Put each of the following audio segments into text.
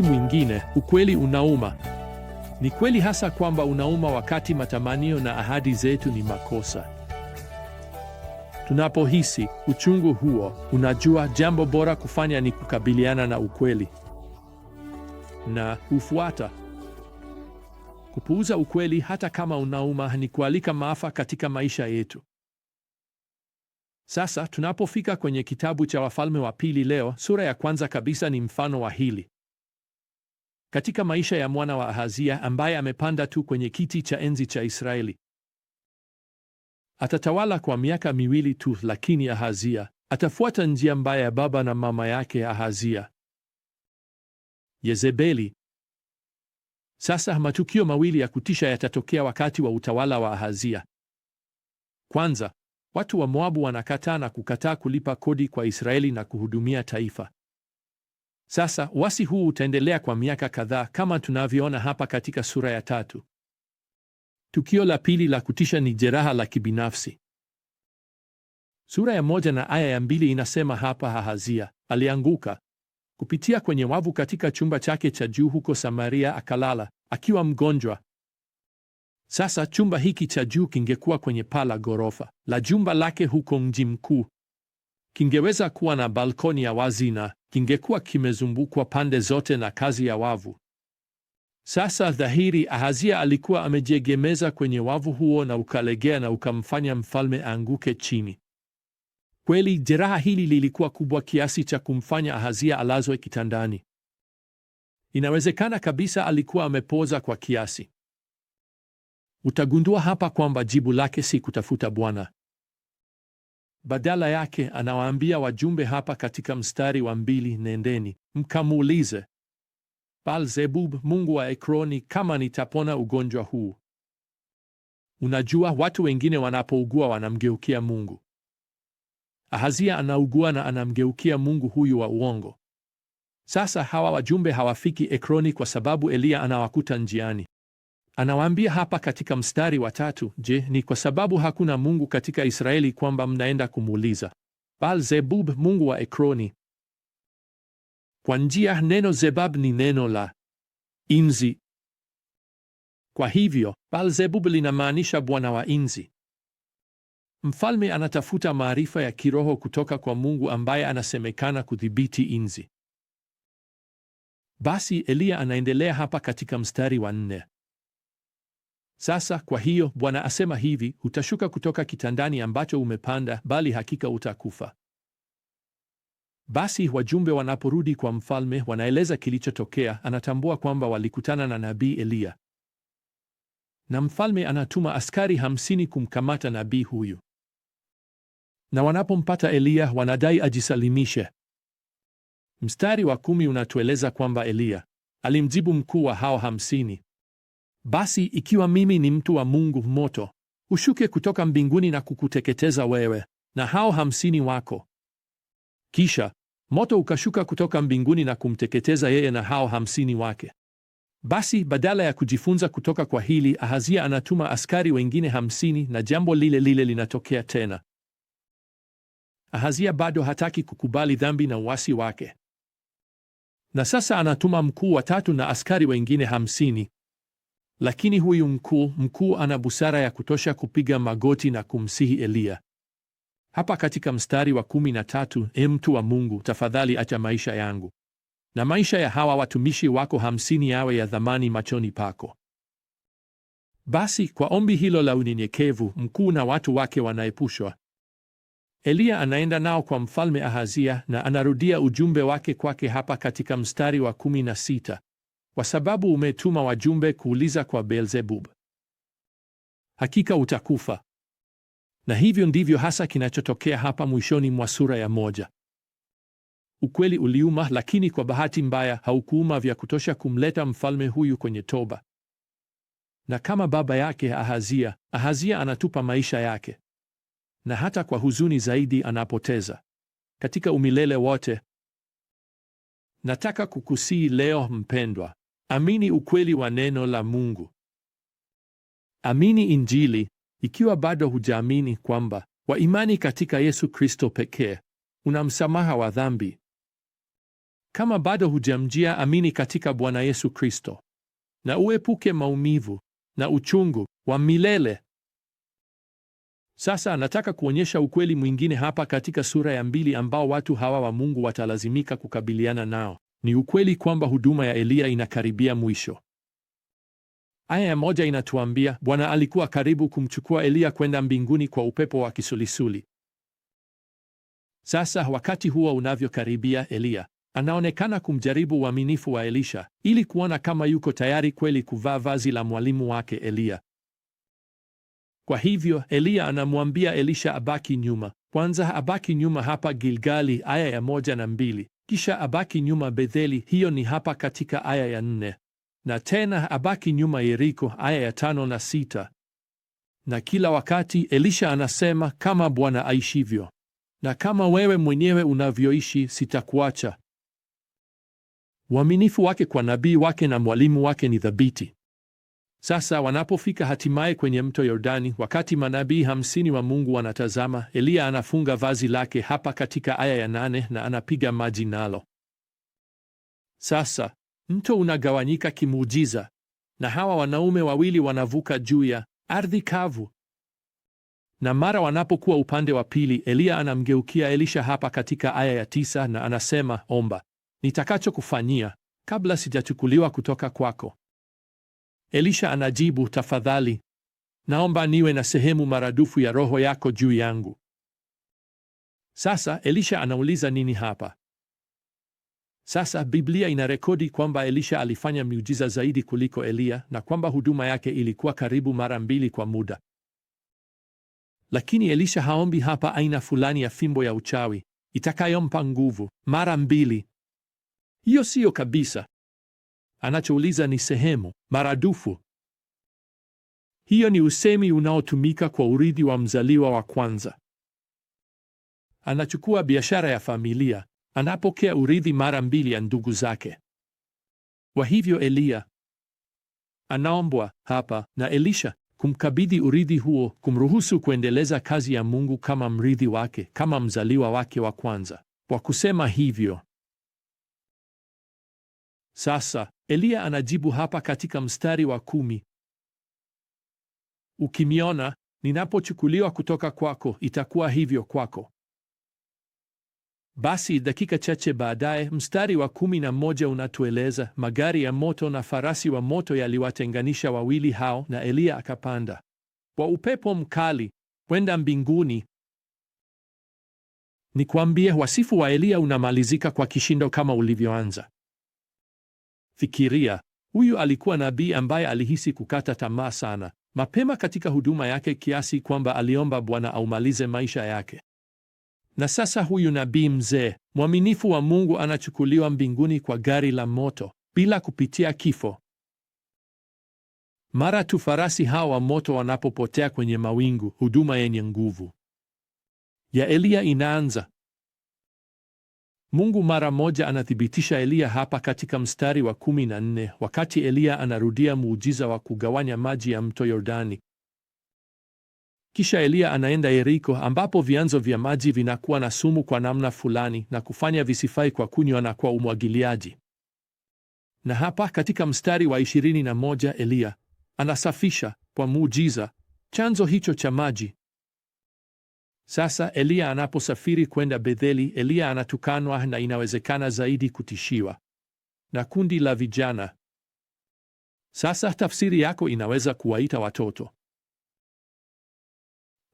wakati mwingine ukweli unauma. Ni kweli hasa kwamba unauma wakati matamanio na ahadi zetu ni makosa. Tunapohisi uchungu huo, unajua jambo bora kufanya ni kukabiliana na ukweli na hufuata. Kupuuza ukweli hata kama unauma ni kualika maafa katika maisha yetu. Sasa tunapofika kwenye kitabu cha Wafalme wa Pili leo, sura ya kwanza kabisa ni mfano wa hili katika maisha ya mwana wa Ahazia ambaye amepanda tu kwenye kiti cha enzi cha Israeli. Atatawala kwa miaka miwili tu, lakini Ahazia atafuata njia mbaya ya baba na mama yake Ahazia, Yezebeli. Sasa matukio mawili ya kutisha yatatokea wakati wa utawala wa Ahazia. Kwanza, watu wa Moabu wanakataa na kukataa kulipa kodi kwa Israeli na kuhudumia taifa. Sasa wasi huu utaendelea kwa miaka kadhaa kama tunavyoona hapa katika sura ya tatu. Tukio la pili la kutisha ni jeraha la kibinafsi. Sura ya moja na aya ya mbili inasema hapa, Ahazia alianguka kupitia kwenye wavu katika chumba chake cha juu huko Samaria, akalala akiwa mgonjwa. Sasa chumba hiki cha juu kingekuwa kwenye paa la ghorofa la jumba lake huko mji mkuu kingeweza kuwa na balkoni ya wazi na kingekuwa kimezungukwa pande zote na kazi ya wavu. Sasa dhahiri, Ahazia alikuwa amejiegemeza kwenye wavu huo na ukalegea na ukamfanya mfalme aanguke chini. Kweli jeraha hili lilikuwa kubwa kiasi cha kumfanya Ahazia alazwe kitandani. Inawezekana kabisa alikuwa amepoza kwa kiasi. Utagundua hapa kwamba jibu lake si kutafuta Bwana badala yake anawaambia wajumbe hapa katika mstari wa mbili, nendeni mkamuulize Beelzebub, mungu wa Ekroni, kama nitapona ugonjwa huu. Unajua, watu wengine wanapougua wanamgeukia Mungu. Ahazia anaugua na anamgeukia Mungu huyu wa uongo. Sasa hawa wajumbe hawafiki Ekroni kwa sababu Eliya anawakuta njiani. Anawaambia hapa katika mstari wa tatu, je, ni kwa sababu hakuna Mungu katika Israeli kwamba mnaenda kumuuliza Baal-zebub mungu wa Ekroni? Kwa njia, neno zebab ni neno la inzi. Kwa hivyo Baal-zebub linamaanisha bwana wa inzi. Mfalme anatafuta maarifa ya kiroho kutoka kwa Mungu ambaye anasemekana kudhibiti inzi. Basi Eliya anaendelea hapa katika mstari wa nne. Sasa kwa hiyo Bwana asema hivi, hutashuka kutoka kitandani ambacho umepanda, bali hakika utakufa. Basi wajumbe wanaporudi kwa mfalme, wanaeleza kilichotokea. Anatambua kwamba walikutana na nabii Eliya, na mfalme anatuma askari hamsini kumkamata nabii huyu, na wanapompata Eliya wanadai ajisalimishe. Mstari wa kumi unatueleza kwamba Eliya alimjibu mkuu wa hao hamsini, basi ikiwa mimi ni mtu wa Mungu, moto ushuke kutoka mbinguni na kukuteketeza wewe na hao hamsini wako. Kisha moto ukashuka kutoka mbinguni na kumteketeza yeye na hao hamsini wake. Basi badala ya kujifunza kutoka kwa hili, Ahazia anatuma askari wengine hamsini na jambo lile lile linatokea tena. Ahazia bado hataki kukubali dhambi na uasi wake, na sasa anatuma mkuu wa tatu na askari wengine hamsini. Lakini huyu mkuu mkuu ana busara ya kutosha kupiga magoti na kumsihi Eliya hapa katika mstari wa kumi na tatu: E mtu wa Mungu, tafadhali acha maisha yangu na maisha ya hawa watumishi wako hamsini yawe ya dhamani machoni pako. Basi kwa ombi hilo la unyenyekevu, mkuu na watu wake wanaepushwa. Eliya anaenda nao kwa mfalme Ahazia na anarudia ujumbe wake kwake hapa katika mstari wa kumi na sita kwa sababu umetuma wajumbe kuuliza kwa Beelzebub. Hakika utakufa. Na hivyo ndivyo hasa kinachotokea hapa mwishoni mwa sura ya moja. Ukweli uliuma, lakini kwa bahati mbaya haukuuma vya kutosha kumleta mfalme huyu kwenye toba. Na kama baba yake Ahazia, Ahazia anatupa maisha yake, na hata kwa huzuni zaidi anapoteza katika umilele wote. Nataka kukusii leo mpendwa, Amini ukweli wa neno la Mungu. Amini Injili ikiwa bado hujaamini kwamba kwa imani katika Yesu Kristo pekee una msamaha wa dhambi. Kama bado hujamjia, amini katika Bwana Yesu Kristo na uepuke maumivu na uchungu wa milele. Sasa anataka kuonyesha ukweli mwingine hapa katika sura ya mbili ambao watu hawa wa Mungu watalazimika kukabiliana nao. Ni ukweli kwamba huduma ya Eliya inakaribia mwisho. Aya ya moja inatuambia Bwana alikuwa karibu kumchukua Eliya kwenda mbinguni kwa upepo wa kisulisuli. Sasa wakati huo unavyokaribia, Eliya anaonekana kumjaribu uaminifu wa Elisha ili kuona kama yuko tayari kweli kuvaa vazi la mwalimu wake Eliya. Kwa hivyo Eliya anamwambia Elisha abaki nyuma kwanza, abaki nyuma hapa Gilgali, aya ya moja na mbili. Kisha abaki nyuma Betheli, hiyo ni hapa katika aya ya nne, na tena abaki nyuma Yeriko, aya ya tano na sita. Na kila wakati Elisha anasema kama Bwana aishivyo na kama wewe mwenyewe unavyoishi, sitakuacha. Uaminifu wake kwa nabii wake na mwalimu wake ni thabiti. Sasa wanapofika hatimaye kwenye mto Yordani, wakati manabii hamsini wa Mungu wanatazama, Eliya anafunga vazi lake hapa katika aya ya nane na anapiga maji nalo. Sasa mto unagawanyika kimuujiza na hawa wanaume wawili wanavuka juu ya ardhi kavu. Na mara wanapokuwa upande wa pili, Eliya anamgeukia Elisha hapa katika aya ya tisa na anasema, omba nitakachokufanyia kabla sijachukuliwa kutoka kwako. Elisha anajibu, tafadhali, naomba niwe na sehemu maradufu ya roho yako juu yangu. Sasa Elisha anauliza nini hapa? Sasa Biblia inarekodi kwamba Elisha alifanya miujiza zaidi kuliko Eliya na kwamba huduma yake ilikuwa karibu mara mbili kwa muda. Lakini Elisha haombi hapa aina fulani ya fimbo ya uchawi itakayompa nguvu mara mbili. Hiyo siyo kabisa. Anachouliza ni sehemu maradufu. Hiyo ni usemi unaotumika kwa urithi wa mzaliwa wa kwanza. Anachukua biashara ya familia, anapokea urithi mara mbili ya ndugu zake. Kwa hivyo Eliya anaombwa hapa na Elisha kumkabidhi urithi huo, kumruhusu kuendeleza kazi ya Mungu kama mrithi wake, kama mzaliwa wake wa kwanza. Kwa kusema hivyo sasa Eliya anajibu hapa katika mstari wa kumi, ukimiona ninapochukuliwa kutoka kwako, itakuwa hivyo kwako. Basi dakika chache baadaye, mstari wa kumi na moja unatueleza magari ya moto na farasi wa moto yaliwatenganisha wawili hao, na Eliya akapanda kwa upepo mkali kwenda mbinguni. Nikwambie, wasifu wa Eliya unamalizika kwa kishindo kama ulivyoanza. Fikiria, huyu alikuwa nabii ambaye alihisi kukata tamaa sana mapema katika huduma yake kiasi kwamba aliomba Bwana aumalize maisha yake. Na sasa huyu nabii mzee mwaminifu wa Mungu anachukuliwa mbinguni kwa gari la moto bila kupitia kifo. Mara tu farasi hawa wa moto wanapopotea kwenye mawingu, huduma yenye nguvu ya Eliya inaanza. Mungu mara moja anathibitisha Eliya hapa katika mstari wa kumi na nne wakati Eliya anarudia muujiza wa kugawanya maji ya mto Yordani. Kisha Eliya anaenda Yeriko ambapo vyanzo vya maji vinakuwa na sumu kwa namna fulani na kufanya visifai kwa kunywa na kwa umwagiliaji. Na hapa katika mstari wa ishirini na moja Eliya anasafisha kwa muujiza chanzo hicho cha maji sasa Eliya anaposafiri kwenda Betheli, Eliya anatukanwa na inawezekana zaidi kutishiwa na kundi la vijana. Sasa tafsiri yako inaweza kuwaita watoto,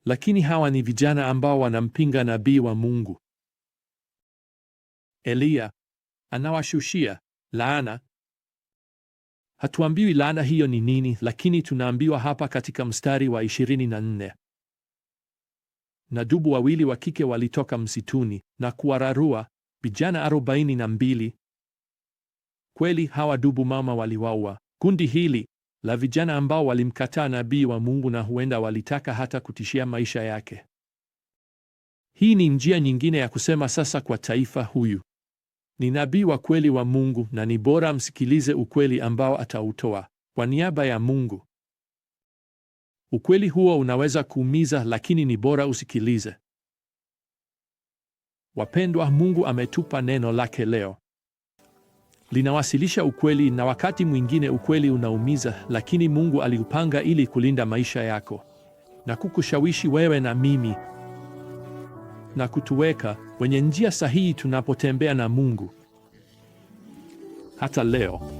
lakini hawa ni vijana ambao wanampinga nabii wa Mungu. Eliya anawashushia laana. Hatuambiwi laana hiyo ni nini, lakini tunaambiwa hapa katika mstari wa 24 na dubu wawili wa kike walitoka msituni na kuwararua vijana arobaini na mbili. Kweli hawa dubu mama waliwaua. Kundi hili la vijana ambao walimkataa nabii wa Mungu na huenda walitaka hata kutishia maisha yake. Hii ni njia nyingine ya kusema sasa kwa taifa, huyu ni nabii wa kweli wa Mungu na ni bora msikilize ukweli ambao atautoa kwa niaba ya Mungu. Ukweli huo unaweza kuumiza, lakini ni bora usikilize. Wapendwa, Mungu ametupa neno lake leo, linawasilisha ukweli, na wakati mwingine ukweli unaumiza, lakini Mungu aliupanga ili kulinda maisha yako na kukushawishi wewe na mimi na kutuweka kwenye njia sahihi tunapotembea na Mungu hata leo.